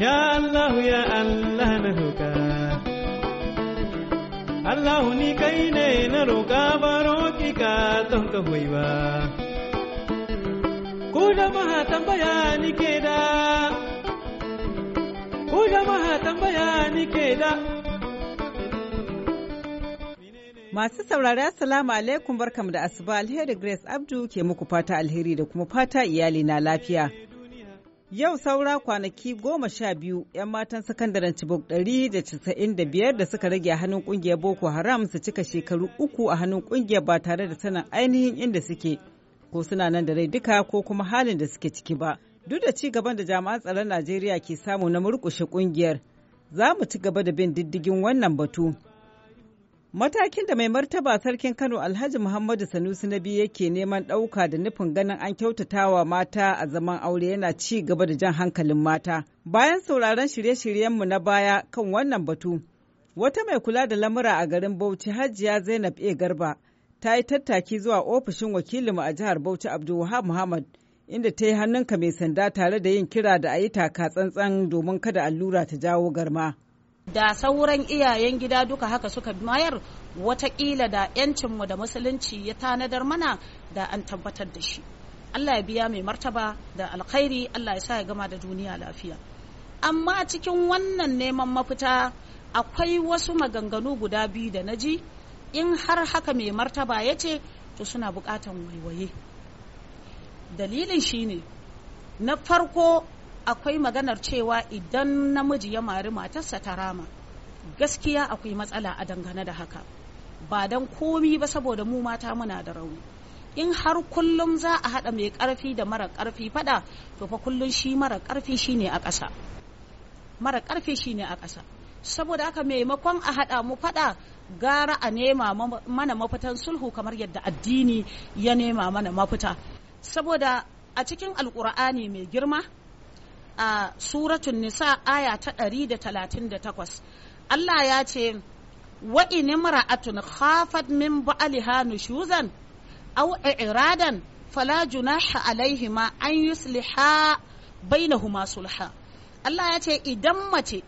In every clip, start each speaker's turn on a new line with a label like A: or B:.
A: Ya Allah ya Allah na roƙa Allah ni kai ne na roƙa ba, roƙi ka don ka hoyi ba Ku jama'a tambaya ni ke da Ku jama'a tambaya ni ke da Masu saurari Assalamu alaikum barkam da asuba alheri Grace Abdu ke muku fata alheri da kuma fata iyali na lafiya. Yau saura kwanaki goma sha biyu 'yan matan sakandaren Chibok ɗari da casa'in da biyar da suka rage a hannun ƙungiyar Boko Haram su cika shekaru uku a hannun ƙungiyar ba tare da sanin ainihin inda suke ko suna nan da rai duka ko kuma halin da suke ciki ba. Duk da ci gaban da jami'an tsaron Najeriya ke samu na murƙushe ƙungiyar, za mu ci gaba da bin diddigin wannan batu. Matakin da mai martaba sarkin Kano Alhaji Muhammadu Sanusi na biyu yake neman ɗauka da nufin ganin an kyautatawa mata a zaman aure yana ci gaba da jan hankalin mata. Bayan sauraron shirye-shiryenmu na baya kan wannan batu, wata mai kula da lamura a garin Bauchi Hajiya Zainab A. Garba ta yi tattaki zuwa ofishin wakilinmu a jihar Bauchi Abdulwahab Muhammad inda ta yi hannunka mai sanda tare da yin kira da a yi taka tsantsan domin kada allura ta jawo garma.
B: da sauran iyayen gida duka haka suka mayar watakila da 'yancinmu da musulunci ya tanadar mana da an tabbatar da shi allah ya biya mai martaba da alkhairi allah ya sa ya gama da duniya lafiya amma cikin wannan neman mafita akwai wasu maganganu guda biyu da na ji in har haka mai martaba ya ce to suna bukatan waiwaye dalilin shine na farko akwai maganar cewa idan namiji ya mari matarsa ta rama gaskiya akwai matsala a dangane da haka ba don komi ba saboda mu mata muna da rauni in har kullum za a haɗa mai ƙarfi da mara ƙarfi faɗa to fa kullum shi mara ƙarfi ne a ƙasa mara ƙarfi ne a ƙasa saboda haka maimakon a haɗa mu faɗa gara a nema mana mafitan sulhu kamar yadda addini ya nema mana mafita saboda a cikin al'kur'ani mai girma a suratun nisa aya ta 138 Allah ya ce wa in imra'atun khafat min baaliha nushuzan aw i'radan fala junaha alaihima an yusliha bainahuma sulha Allah ya ce idan mace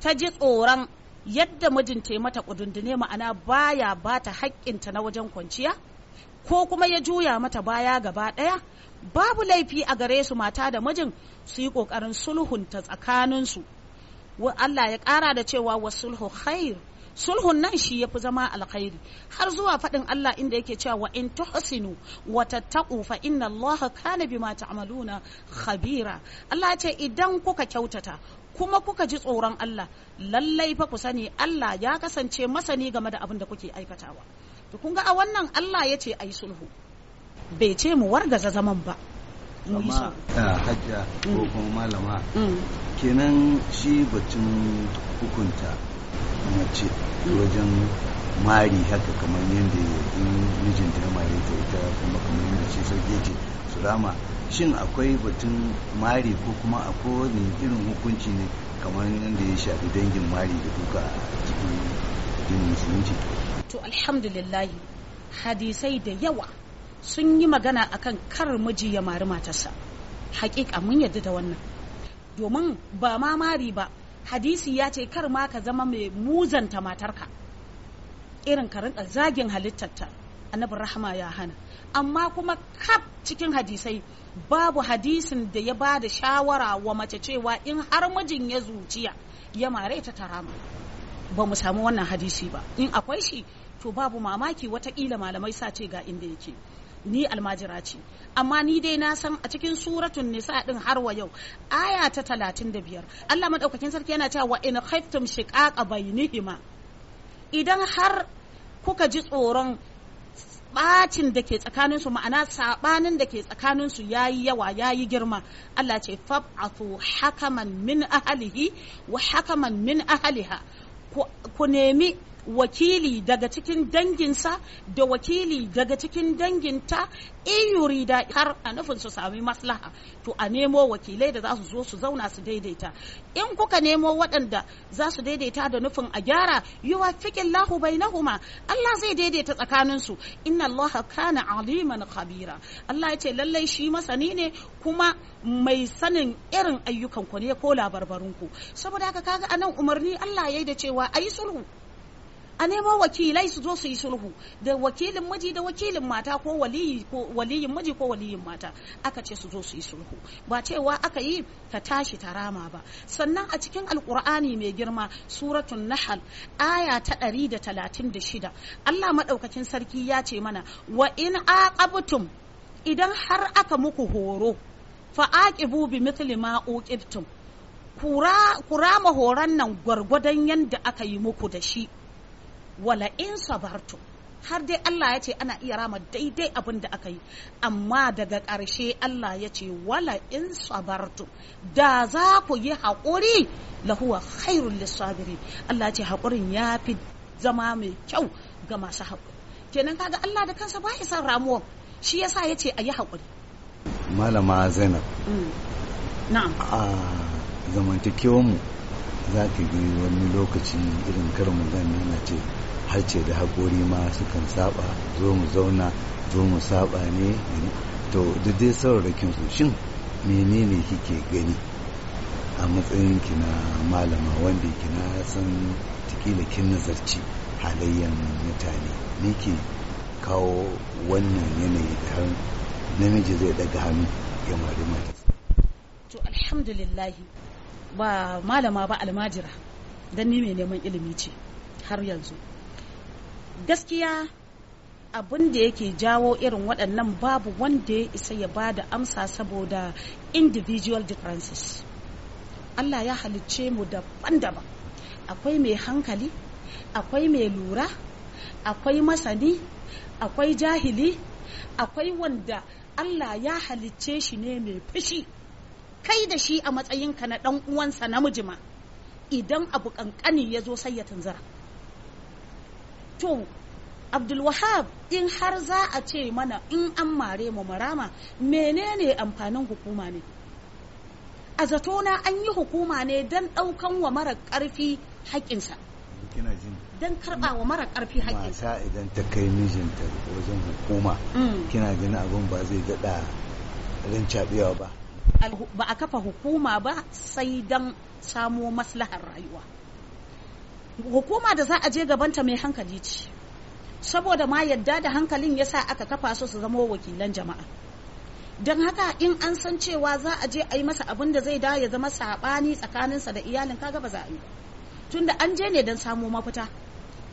B: ta ji tsoron yadda mijinta ya mata kudundune ma'ana baya bata haƙƙinta na wajen kwanciya ko kuma ya juya mata baya gaba ɗaya babu laifi a gare su mata da mijin su yi ƙoƙarin sulhunta tsakaninsu Allah ya ƙara da cewa wa sulhu khair sulhun nan shi ya fi zama alkhairi har zuwa faɗin Allah inda yake cewa wa in tuhsinu wa tattaqu fa inna Allah kana bima ta'maluna khabira Allah ce idan kuka kyautata kuma kuka ji tsoron Allah lallai fa ku sani Allah ya kasance masani game da abin da kuke aikatawa to kun ga a wannan Allah ya ce ai sulhu bai ce mu wargaza zaman ba amma
C: eh, hajja ko mm. kuma malama mm. kenan shi batun hukunta mace mm. wajen mari haka kamar yadda in mijinta ya mari ta ita kuma kamar yadda shi sauke ce su shin akwai batun mari ko kuma akwai irin hukunci ne kamar yadda ya shafi dangin mari da duka a
B: cikin musulunci to alhamdulillahi hadisai da yawa sun yi magana akan kar miji ya mari matarsa hakika mun yarda da wannan domin ba mamari ba hadisi ya ce kar ma ka zama mai muzanta matarka irin ka rinka zagin halittarta annabin rahama ya hana amma kuma kaf cikin hadisai babu hadisin da ya ba da shawara wa mace cewa in har mijin ya zuciya ya mare ta tarama ba mu samu wannan hadisi ba in akwai shi to babu mamaki watakila malamai sa ce ga inda yake ni almajira ce amma ni dai na san a cikin suratun nisa din har wa yau aya ta 35 Allah madaukakin sarki yana cewa wa in khiftum shiqaqa bainihima idan har kuka ji tsoron bacin da ke tsakaninsu ma'ana sabanin da ke tsakaninsu ya yi yawa ya yi girma Allah ce fab'atu hakaman min ahalihi wa hakaman min ahaliha ku nemi wakili daga cikin danginsa da wakili daga cikin danginta in yurida har a nufin su sami maslaha to a nemo wakilai da za su zo su zauna su daidaita in kuka nemo waɗanda za su daidaita da nufin a gyara yuwa fikin lahu bainahuma Allah zai daidaita tsakaninsu inna Allah kana aliman khabira Allah ya ce lallai shi masani ne kuma mai sanin irin ayyukan ku ne ko labarbarunku saboda haka kaga anan umarni Allah ya yi da cewa ayi sulhu a nemo wakilai su zo su yi sulhu da wakilin miji da wakilin mata ko waliyin miji ko waliyin mata aka ce su zo su yi sulhu ba cewa aka yi ta tashi ta rama ba sannan a cikin alkur'ani mai girma suratun nahal aya ta ɗari da talatin da shida allah maɗaukacin sarki ya ce mana wa in aqabtum idan har aka muku horo fa aqibu bi mithli ma uqibtum kura kura mahoran nan gwargwadon yadda aka yi muku da shi wala in sabartu har dai Allah ya ce ana iya rama daidai abin da aka yi amma daga ƙarshe Allah ya ce wala in sabartu da za ku yi haƙuri lahuwa khairul lissabiri Allah ya ce haƙurin ya fi zama mai kyau ga masu haƙuri kenan kaga Allah da kansa ba son ramuwa shi yasa ya ce a yi haƙuri
C: malama zainab
B: mm. na'am
C: a zamantakewanmu za ka wani lokaci irin kar karin magana yana ce harce da haƙori ma sukan saba zo mu zauna zo mu saba ne to da dai saurakin su shin menene kike gani a matsayin ki malama wanda kina san tikila kin nazarci halayyan mutane ne ke kawo wannan yanayi da har namiji zai daga hannu ya mari mata
B: to alhamdulillahi ba malama ba almajira don ni mai neman ilimi ce har yanzu gaskiya abin da yake jawo irin waɗannan babu wanda ya isa ya ba da amsa saboda individual differences Allah ya halicce mu daban-daban akwai mai hankali akwai mai lura akwai masani akwai jahili akwai wanda Allah ya halicce shi ne mai fushi kai da shi a matsayinka na ɗan uwansa na mijima idan abu kankani ya zo sai ya tunzura to abdulwahab in har za a ce mana in an mare mu marama menene amfanin hukuma ne a na an yi hukuma ne don ɗaukan wa mara ƙarfi haƙƙinsa don karɓa wa mara ƙarfi haƙƙinsa
C: mata idan ta kai mijinta wajen hukuma mm. kina gina abin ba zai daɗa rincaɓewa ba
B: ba a kafa hukuma ba sai don samo maslahar rayuwa hukuma da za a je gabanta mai hankali ce saboda ma yadda da hankalin ya sa aka kafa su su zama wakilan jama'a don haka in an san cewa za a je a yi masa abin da zai da ya zama saɓani tsakaninsa da iyalin kaga ba za a yi tunda an je ne don samo mafita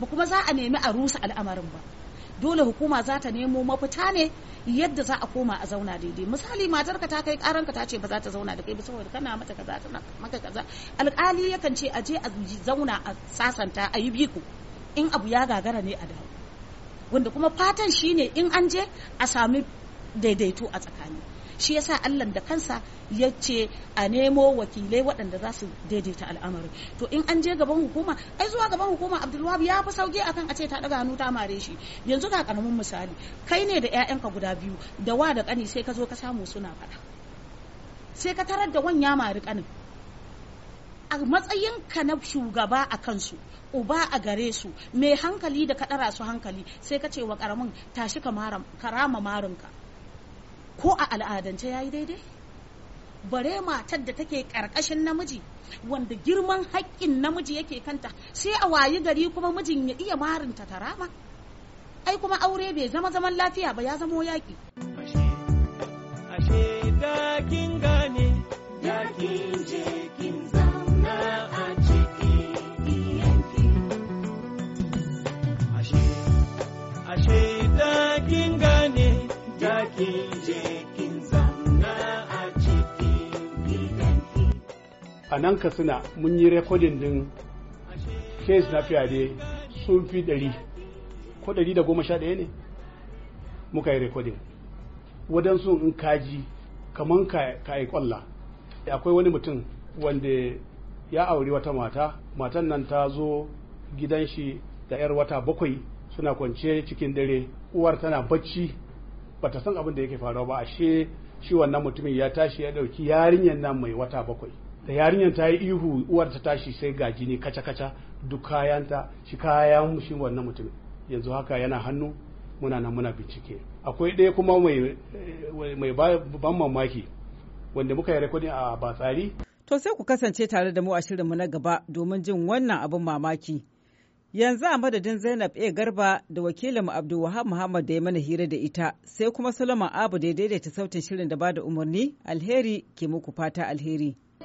B: ba kuma za a nemi a rusa al'amarin ba dole hukuma za ta nemo mafita ne yadda za a koma a zauna daidai misali matarka ta kai karanka ta ce ba za ta zauna da kai ba saboda kana mata kaza tana maka kaza alkali yakan ce a je a zauna a sasanta a yi biko in abu ya gagara ne a dawo wanda kuma fatan shine in an je a sami daidaito a tsakani shi ya sa Allah da kansa ya ce a nemo wakilai waɗanda za su daidaita al'amari to in an je gaban hukuma ai zuwa gaban hukuma Abdulwahab ya fi sauki akan a ce ta ɗaga hannu ta mare shi yanzu ga karamin misali kai ne da 'ya'yanka guda biyu da wa da ƙani sai ka zo ka samu suna faɗa sai ka tarar da ya mari ƙanin? a matsayinka na shugaba a kansu uba a gare su mai hankali da ka ɗara su hankali sai ka ce wa ƙaramin tashi ka rama marinka ko a al'adance ya yi daidai bare matar da take karkashin namiji wanda girman haƙƙin namiji yake kanta sai a wayi gari kuma mijin ya iya marinta ta rama ai kuma aure bai zama zaman lafiya ba ya zamo yaƙi ashe
C: ashe dakin
A: a nan katsina mun yi rekodin din kes na fiyade sun fi ɗari ko ɗari da goma sha ɗaya ne muka yi rekodin waɗansu in kaji kaman ka yi kwalla akwai wani mutum wanda ya auri wata mata matan nan ta zo gidan shi da 'yar wata bakwai suna kwance cikin dare uwar tana bacci bata san abin da yake faruwa ba ashe shi wannan mutumin ya tashi ya ɗauki yarinyar nan mai wata bakwai da yarinyar ta yi ihu uwar ta tashi sai gaji ne kaca kaca duk kayanta shi kayan shi wannan mutum yanzu haka yana hannu muna nan muna bincike akwai ɗaya kuma
C: mai
A: ban mamaki wanda muka yi rekodin a batsari to sai ku kasance tare da mu a shirinmu na gaba domin jin wannan abin mamaki Yanzu a madadin Zainab A. Garba da wakilinmu Abdulwahab Muhammad da ya mana hira da ita, sai kuma Solomon Abu da ya daidaita sautin shirin da ba da umarni, alheri ke muku fata alheri.